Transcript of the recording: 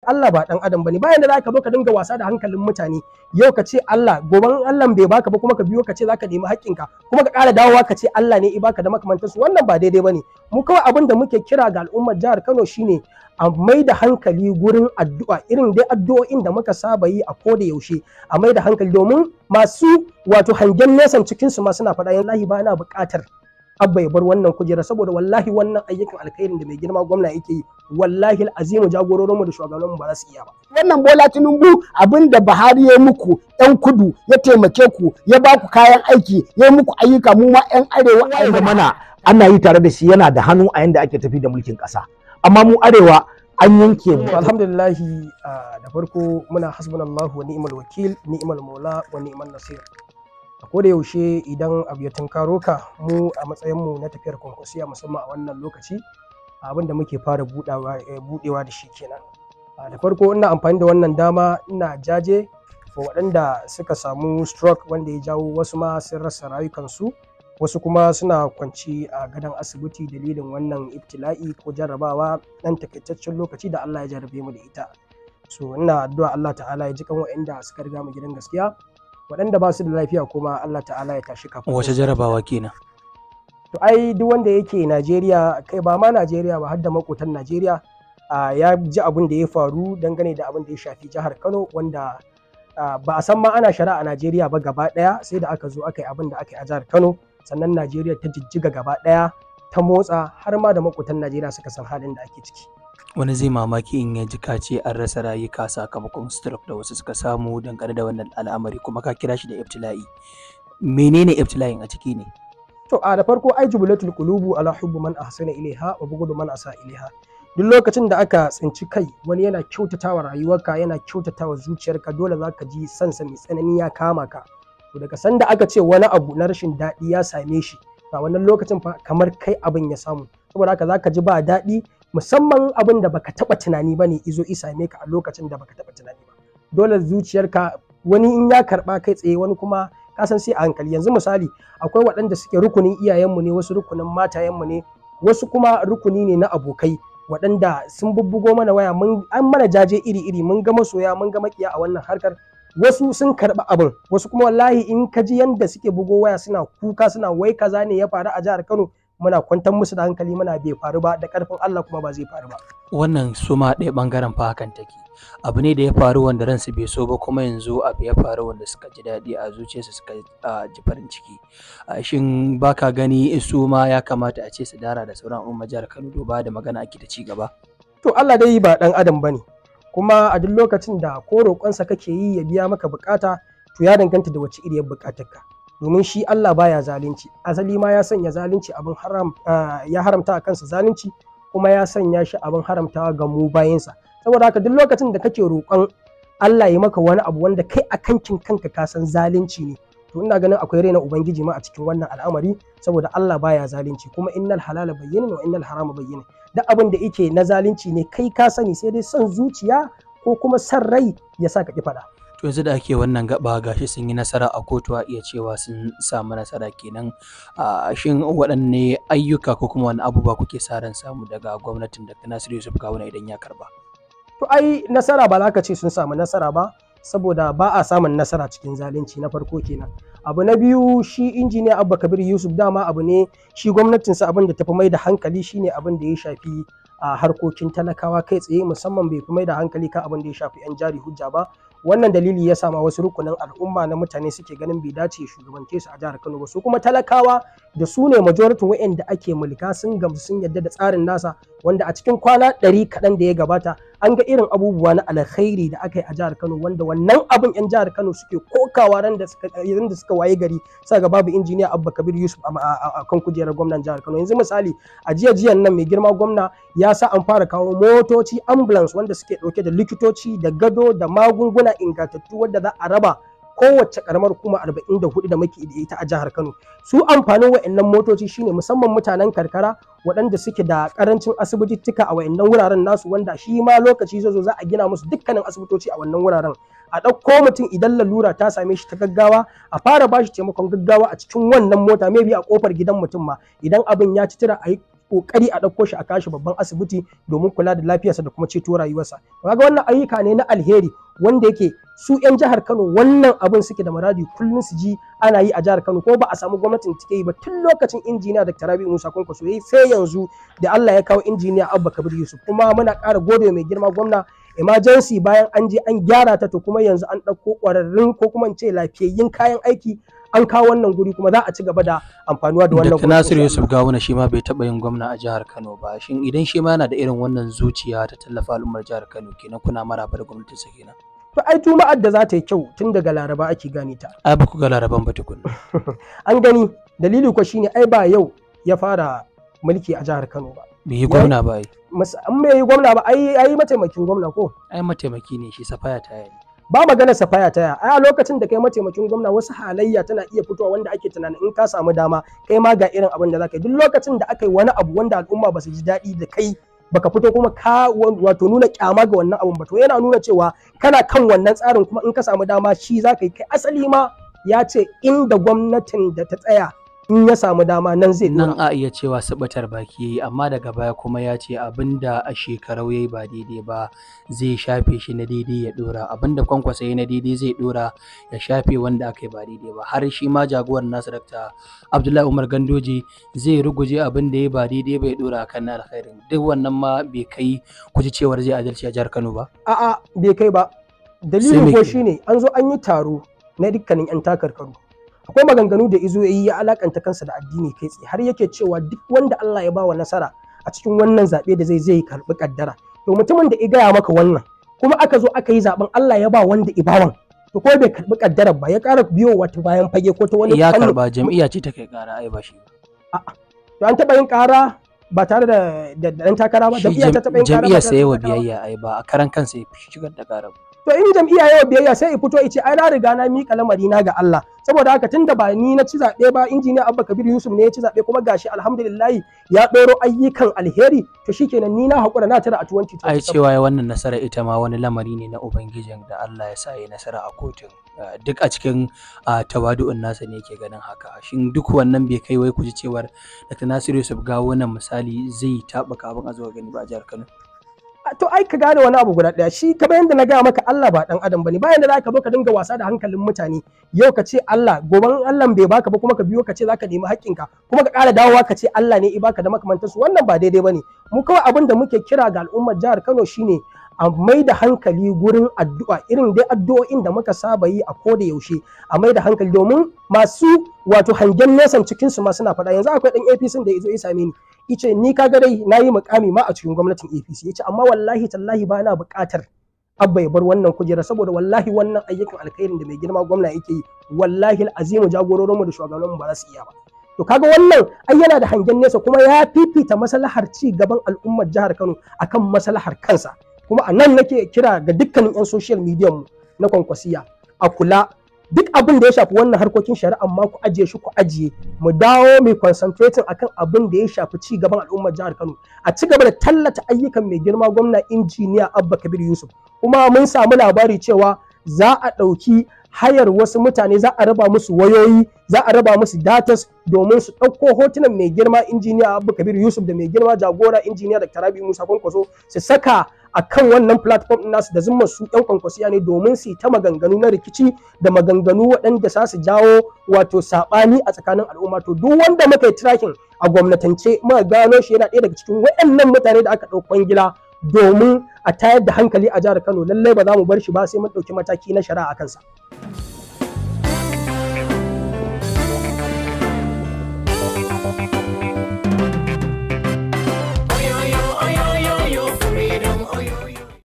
Allah ba ɗan adam bane bayan da zaka zo ka dinga wasa da hankalin mutane yau ka ce Allah goban Allah bai baka ba kuma ka biyo ka ce zaka nemi haƙƙinka kuma ka ƙara dawowa ka ce Allah ne i baka da makamantansu wannan ba daidai bane mu kawai abin da muke kira ga al'ummar jihar Kano shine a mai da hankali gurin addu'a irin dai addu'o'in da muka saba yi a koda yaushe a mai da hankali domin masu wato hangen nesan cikinsu ma suna faɗa yan lahi ba na buƙatar abba ya bar wannan kujera saboda wallahi wannan ayyukan alkhairin da mai girma gwamna yake yi wallahi al'azimu jagororin mu da shugabanninmu ba za su iya ba wannan bola tinubu abin da buhari ya muku yan kudu ya taimake ku ya ba ku kayan aiki ya muku ayyuka mu ma yan arewa a mana ana yi tare da shi yana da hannu a yanda ake tafi da mulkin kasa amma mu arewa an yanke mu alhamdulillahi ah, da farko muna hasbunallahu wa ni'mal wakil ni'mal maula wa ni'mal nasir ko da yaushe idan abu ya tunkaro ka mu a matsayinmu na tafiyar kwankwasiya musamman a wannan lokaci abin da muke fara eh, buɗewa da shi kenan ah, da farko ina amfani da wannan dama ina jaje ga waɗanda suka samu stroke wanda ya jawo wasu ma sun rasa rayukansu wasu kuma suna kwanci a gadon asibiti dalilin wannan ibtila'i ko jarrabawa ɗan takaitaccen lokaci da Allah ya jarrabe mu da ita so ina addu'a Allah ta'ala ya ji kan waɗanda suka riga mu gidan gaskiya waɗanda ba su da lafiya kuma Allah ta'ala ya tashi kafin wace jarabawa kenan to ai duk wanda yake Najeriya kai ba ma Najeriya ba har da makotan Najeriya ya ji abin da ya faru dangane da abin da ya shafi jihar Kano wanda ba a san ma ana shari'a a Najeriya ba gaba ɗaya sai da aka zo aka yi abin da aka yi a jihar Kano sannan Najeriya ta jijjiga gaba ɗaya ta motsa har ma da makotan Najeriya suka san halin da ake ciki wani zai mamaki in ya ji ka ce an rasa rayuka sakamakon stroke da wasu suka samu dangane da wannan al'amari kuma ka kira shi da ibtila'i menene ibtila'in a ciki ne to a da farko ai jubilatul qulubu ala hubbu man ahsana ilaiha wa bughdu man asa ilaiha duk lokacin da aka tsinci kai wani yana kyautatawa rayuwarka yana kyautatawa zuciyarka dole za ka ji sansa mai tsanani ya kama ka to daga da aka ce wani abu na rashin daɗi ya same shi a wannan lokacin fa kamar kai abin ya samu saboda haka za ka ji ba daɗi musamman abin da baka taba tunani bane izo isa me ka a lokacin da baka taba tunani ba dole zuciyarka wani in ya karba kai tsaye wani kuma ka san sai a hankali yanzu misali akwai waɗanda suke rukunin iyayenmu ne wasu rukunin matayenmu ne wasu kuma rukuni ne na abokai waɗanda sun bubbugo mana waya mun an mana jaje iri iri mun ga masoya mun ga makiya a wannan harkar wasu sun karba abin wasu kuma wallahi in ka ji yanda suke bugo waya suna kuka suna wai kaza ne ya faru a jihar Kano muna kwantar musu da hankali muna bai faru ba da karfin Allah kuma ba zai faru ba wannan su ma ɗaya ɓangaren fa hakan take abu ne da ya faru wanda ransu bai so ba kuma yanzu abu ya faru wanda suka ji daɗi a zuciyarsu suka ji farin ciki shin baka gani su ma ya kamata a ce su dara da sauran al'umma jihar Kano ba da magana ake da ci gaba to Allah dai ba dan adam ba ne. kuma a duk lokacin da ko roƙonsa kake yi ya biya maka bukata to ya danganta da wacce iriyar bukatarka domin shi Allah baya zalunci asali ma ya sanya zalunci abin haram ya haramta a kansa zalunci kuma ya sanya shi abin haramtawa ga mu bayansa saboda haka duk lokacin da kake roƙon Allah ya maka wani abu wanda kai a kankin kanka ka san zalunci ne to ina ganin akwai raina ubangiji ma a cikin wannan al'amari saboda Allah baya zalunci kuma innal halala bayyin wa innal harama bayyin duk abin da yake na zalunci ne kai ka sani sai dai son zuciya ko kuma san rai ya sa ka ki faɗa to yanzu da ake wannan gaba gashi sun yi nasara a kotu a iya cewa sun samu nasara kenan a shin waɗanne ayyuka ko kuma wani abubuwa kuke sa ran samu daga gwamnatin da Nasiru Yusuf kawuna idan ya karba to ai nasara ba za ce sun samu nasara ba saboda ba a samun nasara cikin zalunci na farko kenan abu na biyu shi injiniya abba kabir yusuf dama abu ne shi gwamnatinsa abin da tafi mai da hankali shine abin da ya shafi a harkokin talakawa kai tsaye musamman bai fi mai da hankali kan abin da ya shafi yan jari hujja ba wannan dalili ya sama wasu rukunin al'umma na mutane suke ganin bai dace shugabance su a jihar Kano ba su kuma talakawa da su ne majoritin waɗanda ake mulka sun gamsu sun yadda da tsarin nasa wanda a cikin kwana ɗari kaɗan da ya gabata an ga irin abubuwa na alkhairi da aka yi a jihar Kano wanda wannan abin 'yan jihar Kano suke kokawa ran da suka suka waye gari sa ga babu injiniya Abba Kabir Yusuf a kan kujerar gwamnan jihar Kano yanzu misali a jiya jiyan nan mai girma gwamna ya sa an fara kawo motoci ambulance wanda suke ɗauke da likitoci da gado da magunguna Ana ingantattu wadda za a raba kowace karamar kuma 44 da muke da ita a jihar Kano. Su amfanin wa'annan motoci shine musamman mutanen karkara waɗanda suke da karancin asibitittuka a wa'annan wuraren nasu wanda shi ma lokaci zai zo za a gina musu dukkanin asibitoci a wannan wuraren. A ɗauko mutum idan lalura ta same shi ta gaggawa a fara ba shi taimakon gaggawa a cikin wannan mota maybe a kofar gidan mutum ma idan abin ya ci tira a yi kokari a ɗauko shi a kashi babban asibiti domin kula da lafiyarsa da kuma ceto rayuwarsa kaga wannan ayyuka ne na alheri wanda yake su 'yan jihar Kano wannan abin suke da muradi kullum su ji ana yi a jihar Kano ko ba a samu gwamnatin take yi ba tun lokacin injiniya Dr. Rabi Musa so yayi sai yanzu da Allah ya kawo injiniya Abba Kabir Yusuf kuma muna ƙara gode mai girma gwamna emergency bayan an je an gyara ta to kuma yanzu an ɗauko ƙwararrun ko kuma in ce lafiyayyun kayan aiki an kawo wannan guri kuma za a ci gaba da amfanuwa da wannan guri Nasir Yusuf Gawuna shi ma bai taba yin gwamna a jihar Kano ba shin idan shi ma yana da irin wannan zuciya ta tallafa al'ummar jihar Kano kenan kuna maraba da gwamnatin sa kenan to ai juma'ar da za ta yi kyau tun daga laraba ake gane ta ai ba ku ga laraban ba tukun an gani dalili ko shine ai ba yau ya fara mulki a jihar Kano ba bai yi gwamna ba ai an bai yi gwamna ba ai ai mataimakin gwamna ko ai mataimaki ne shi safaya ta yi ba magana safaya ta a lokacin da kai mataimakin gwamna wasu halayya tana iya fitowa wanda ake tunanin in ka samu dama kai ma ga irin abin da zaka yi duk lokacin da aka yi wani abu wanda al'umma ba su ji daɗi da kai baka fito kuma ka wato nuna kyama ga wannan abun ba to yana nuna cewa kana kan wannan tsarin kuma in ka samu dama shi zaka yi kai asali ma ya ce inda gwamnatin da ta tsaya in ya samu dama nan zai nan a iya cewa sabatar baki yayi amma daga baya kuma ya ce abinda a shekarau yayi ba daidai ba zai shafe shi na daidai ya dora abinda kwankwasa yayi na daidai zai dora ya shafe wanda aka yi ba daidai ba har shi ma jagoran nasu dakta Abdullahi Umar Gandoji zai ruguje abinda yayi ba daidai bai dora kan na alkhairin duk wannan ma bai kai kuji cewar zai adalci a jihar Kano ba a'a bai kai ba dalilin ko shine an zo an yi taro na dukkanin 'yan takarkaru akwai maganganu da izo yayi ya alakanta kansa da addini kai tsaye har yake cewa duk wanda Allah ya bawa nasara a cikin wannan zaɓe da zai zai karɓi kaddara to mutumin da igaya maka wannan kuma aka zo aka yi zaben Allah ya ba wanda ibawan to ko bai karɓi kaddara ba ya ƙara biyo wata bayan fage ko ta wani ya karba jam'iyya ce ta kai ƙara ai ba shi a'a to an taɓa yin ƙara ba tare da dan takara ba jam'iyya ta taɓa yin ƙara ba jam'iyya sai wa biyayya ai ba a karan kansa ya shigar da ƙara ba to in jam'iyya yau biyayya sai i fito i ce ai na riga na miƙa lamari na ga Allah saboda haka tunda ba ni na ci zaɓe ba injiniya Abba Kabir Yusuf ne ya ci zaɓe kuma gashi alhamdulillah ya ɗoro ayyukan alheri to shikenan ni na haƙura na tara a 2020 ai cewa wannan nasara ita ma wani lamari ne na ubangijin da Allah ya sa ya nasara a kotun ah, duk a cikin ah, tawadu'un nasa ne yake ganin haka shin duk wannan bai kai wai ku ji cewar Dr. Nasiru Yusuf ga wannan misali zai taɓa abin a zuwa gani ba a jihar Kano to ai ka gane wani abu guda daya shi kamar yadda na gaya maka Allah ba dan adam bane bayan da zaka zo ka dinga wasa da hankalin mutane yau ka ce Allah goban Allah bai baka ba kuma ka biyo ka ce zaka nemi ka kuma ka ƙara dawowa ka ce Allah ne i baka da makamantansu wannan ba daidai bane mu kawai abin da muke kira ga al'ummar jihar Kano shine a mai da hankali gurin addu'a irin dai addu'o'in da muka saba yi a koda yaushe a mai da hankali domin masu wato hangen nesan cikinsu ma suna faɗa yanzu akwai ɗan APC da ya zo ya same ni yace ni kaga dai nayi mukami ma a cikin gwamnatin APC yace amma wallahi tallahi ba na bukatar abba ya bar wannan kujera saboda wallahi wannan ayyukan alkhairin da mai girma gwamna yake yi wallahi al'azimu jagororin mu da shugabanninmu ba za su iya ba to kaga wannan ai yana da hangen nesa kuma ya fifita maslahar ci gaban al'ummar jihar Kano akan maslahar kansa kuma a nan nake kira ga dukkanin 'yan social media mu na kwankwasiya a kula duk abin da ya shafi wannan harkokin shari'a ma ku ajiye shi ku ajiye mu dawo mai concentrating akan abin da ya shafi ci gaban al'ummar jihar Kano a ci gaba da tallata ayyukan mai girma gwamna injiniya Abba Kabir Yusuf kuma mun samu labari cewa za a ɗauki hayar wasu mutane za a raba musu wayoyi za a raba musu datas domin su ɗauko hotunan mai girma injiniya abu kabir yusuf da mai girma jagora injiniya da tarabi musa kwankwaso su saka a kan wannan platform nasu da zumma su yan kwankwasiya ne domin su yi ta maganganu na rikici da maganganu waɗanda za su jawo wato saɓani a tsakanin al'umma to duk wanda muka yi tracking a gwamnatance muka gano shi yana ɗaya daga cikin waɗannan mutane da aka ɗau kwangila domin a tayar da hankali a jihar Kano lallai ba za mu bar shi ba sai mun ɗauki mataki na shari'a a kansa.